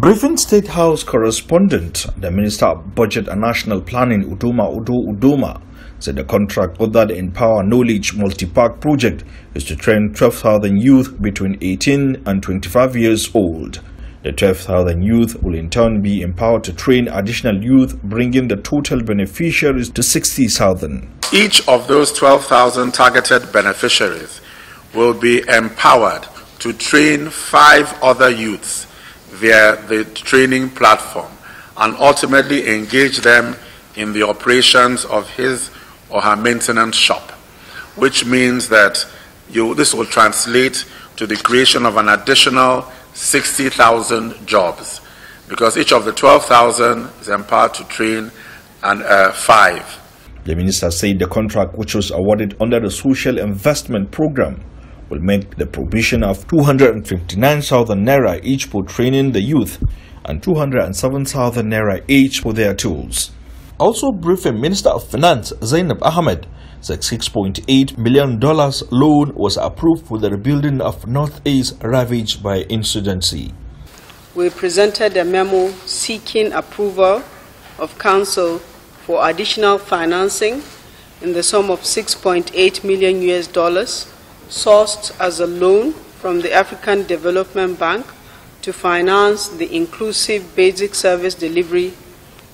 Briefing State House correspondent, the Minister of Budget and National Planning, Uduma Udo Uduma, said the contract under the Empower Knowledge Multi-Park project is to train 12,000 youth between 18 and 25 years old. The 12,000 youth will in turn be empowered to train additional youth, bringing the total beneficiaries to 60,000. Each of those 12,000 targeted beneficiaries will be empowered to train five other youths their, the training platform and ultimately engage them in the operations of his or her maintenance shop, which means that you, this will translate to the creation of an additional 60,000 jobs because each of the 12,000 is empowered to train and uh, five. The minister said the contract, which was awarded under the Social Investment Program, will make the provision of 259,000 naira each for training the youth and 207,000 naira each for their tools. Also briefing Minister of Finance Zainab Ahmed the $6.8 million loan was approved for the rebuilding of Northeast ravaged by insurgency. We presented a memo seeking approval of Council for additional financing in the sum of 6.8 million US dollars sourced as a loan from the African Development Bank to finance the inclusive basic service delivery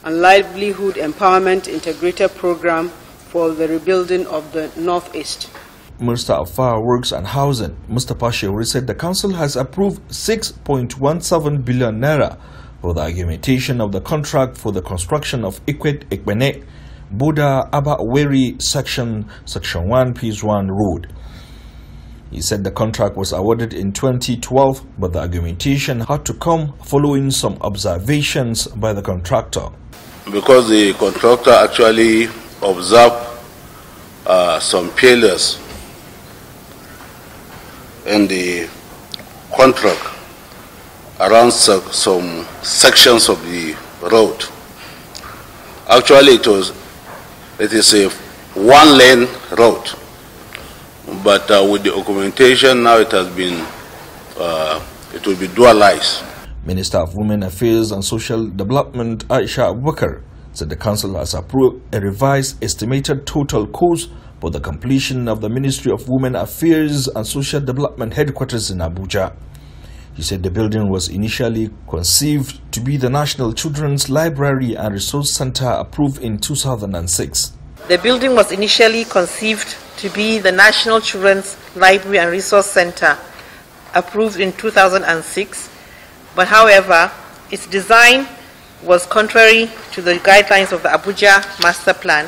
and livelihood empowerment integrated program for the rebuilding of the Northeast. Minister of Fire Works and Housing, Mr. Shewri said the council has approved 6.17 billion naira for the argumentation of the contract for the construction of Ikwet Buda, Aba Abaweri section, section 1, piece 1 road. He said the contract was awarded in 2012, but the argumentation had to come following some observations by the contractor. Because the contractor actually observed uh, some failures in the contract around some sections of the road. Actually, it was it is a one-lane road. But uh, with the augmentation, now it has been, uh, it will be dualized. Minister of Women Affairs and Social Development Aisha Abubakar said the council has approved a revised estimated total cost for the completion of the Ministry of Women Affairs and Social Development headquarters in Abuja. He said the building was initially conceived to be the National Children's Library and Resource Center approved in 2006. The building was initially conceived to be the National Children's Library and Resource Center, approved in 2006, but however, its design was contrary to the guidelines of the Abuja Master Plan,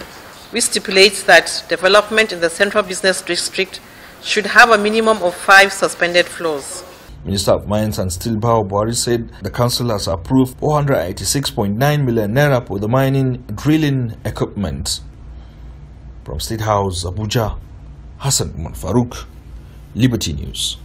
which stipulates that development in the central business district should have a minimum of five suspended floors. Minister of Mines and Steel Power Buhari said the council has approved 486.9 million naira for the mining drilling equipment. From State House, Abuja, Hassan Umar Liberty News.